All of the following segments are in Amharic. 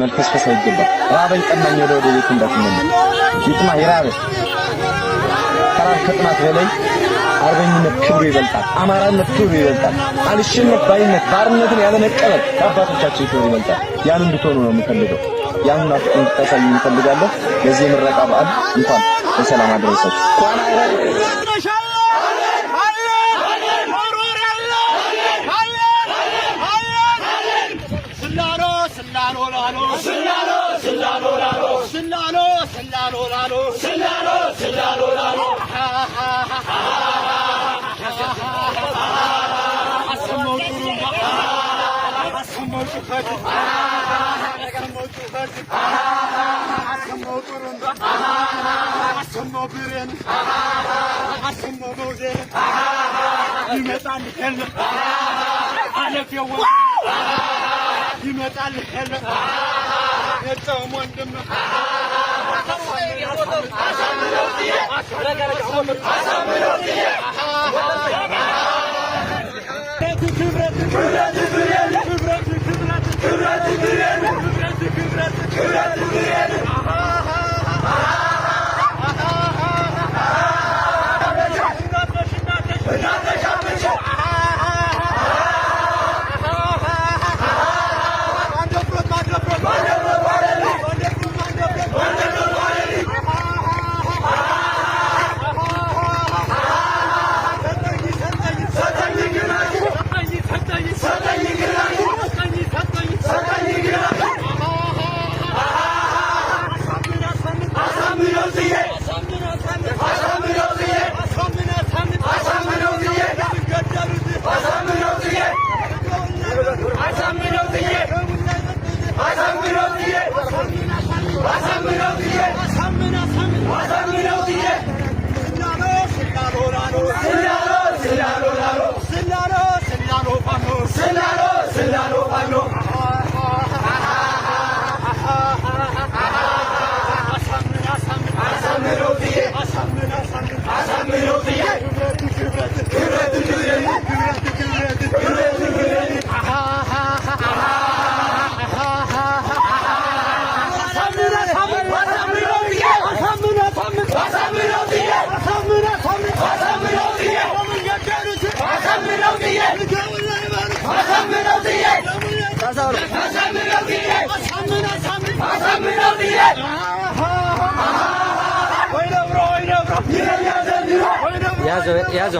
መልከስከስ አይገባም። ራበኝ ጠማኝ ወደ ወደ ቤት እንዳትመለ ይጥማ ይራበ ከራብ ከጥማት በላይ አርበኝነት ክብሩ ይበልጣል። አማራነት ክብሩ ይበልጣል። አልሽነት ባይነት ባርነትን ያለነቀበ መቀበል አባቶቻችን ክብሩ ይበልጣል። ያን እንድትሆኑ ነው የምፈልገው። ያን ሁሉ እንድታሳዩ እንፈልጋለሁ። ለዚህ የምረቃ በዓል እንኳን በሰላም አደረሳችሁ። ይመጣል ይመጣል የጨውም ወንድም ክብረት ክብረት ክብረት ¡Consigue! Ya, ya, ya.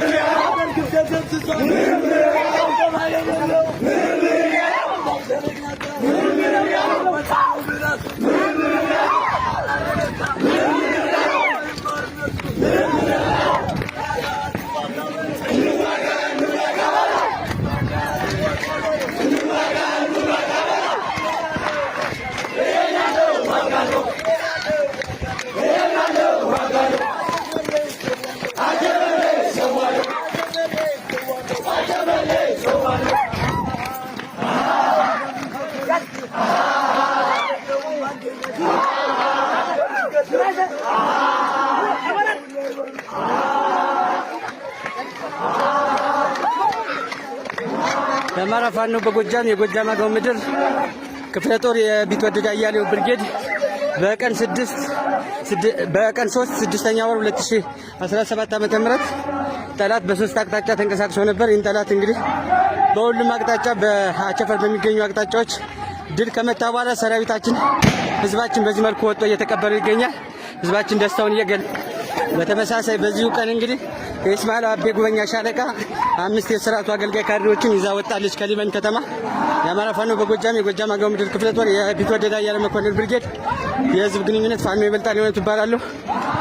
የአማራ ፋኖ በጎጃም የጎጃም አገው ምድር ክፍለ ጦር የቢትወደድ አያሌው ብርጌድ በቀን ስድስት በቀን ሶስት ስድስተኛ ወር 2017 ዓ ምህረት ጠላት በሶስት አቅጣጫ ተንቀሳቅሶ ነበር። ይህን ጠላት እንግዲህ በሁሉም አቅጣጫ በአቸፈር በሚገኙ አቅጣጫዎች ድል ከመታ በኋላ ሰራዊታችን ህዝባችን በዚህ መልኩ ወጥቶ እየተቀበለ ይገኛል። ህዝባችን ደስታውን እየገለ በተመሳሳይ በዚሁ ቀን እንግዲህ የእስማኤል አቤ ጉበኛ ሻለቃ አምስት የስርዓቱ አገልጋይ ካድሬዎችን ይዛ ወጣለች። ከሊበን ከተማ የአማራ ፋኖ በጎጃም የጎጃም አገው ምድር ክፍለ ጦር የፊትወደድ አያለ መኮንን ብርጌድ የህዝብ ግንኙነት ፋኖ ይበልጣል የሆነ ትባላለሁ።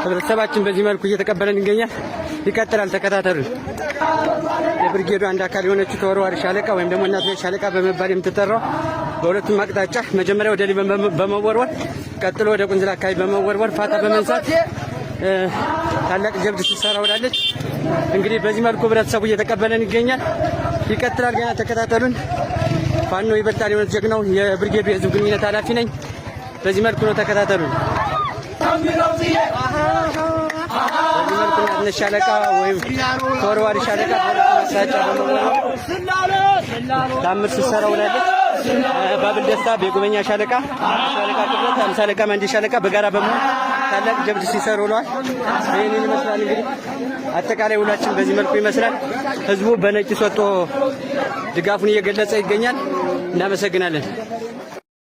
ህብረተሰባችን በዚህ መልኩ እየተቀበለን ይገኛል። ይቀጥላል። ተከታተሉን። የብርጌዱ አንድ አካል የሆነችው ተወርዋሪ ሻለቃ ወይም ደግሞ እናት ሻለቃ በመባል የምትጠራው በሁለቱም አቅጣጫ መጀመሪያ ወደ ሊበን በመወርወር ቀጥሎ ወደ ቁንዝላ አካባቢ በመወርወር ፋታ በመንሳት ታላቅ ጀብድ ስትሰራ ውላለች። እንግዲህ በዚህ መልኩ ህብረተሰቡ እየተቀበለን ይገኛል። ይቀጥላል። ገና ተከታተሉን። ፋኖ ይበልጣል የሆነ ጀግናው የብርጌዱ የህዝብ ግንኙነት ኃላፊ ነኝ። በዚህ መልኩ ነው። ተከታተሉን። በዚህ መልኩ ሻለቃ ወይም ተወርዋሪ ሻለቃ ሳጫ ለአምር ስትሰራ ውላለች። ባብል ደስታ በጎበኛ ሻለቃ ሻለቃ ክፍለት አምሳለቃ ሻለቃ በጋራ በመሆን ታላቅ ጀብድ ሲሰሩ ውለዋል። ይህንን ይመስላል እንግዲህ አጠቃላይ ውሏችን በዚህ መልኩ ይመስላል። ህዝቡ በነጭ ሰጦ ድጋፉን እየገለጸ ይገኛል። እናመሰግናለን።